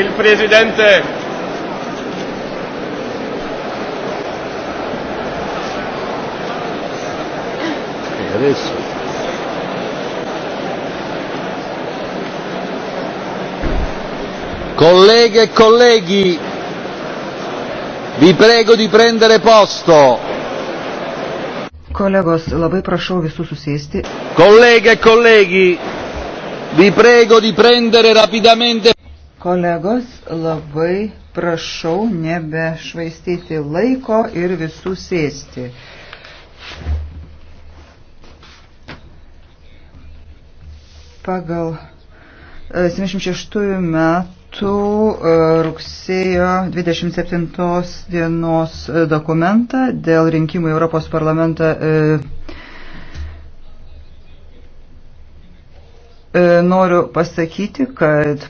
il Presidente e adesso colleghe e colleghi vi prego di prendere posto Kolegos, labai prašau visų susėsti. Kolegė, kolegi, e vi prego di prendere rapidamente. Kolegos, labai prašau nebešvaistyti laiko ir visų sėsti. Pagal 76 e, metų e, rugsėjo 27 dienos e, dokumentą dėl rinkimų į Europos parlamentą noriu pasakyti, kad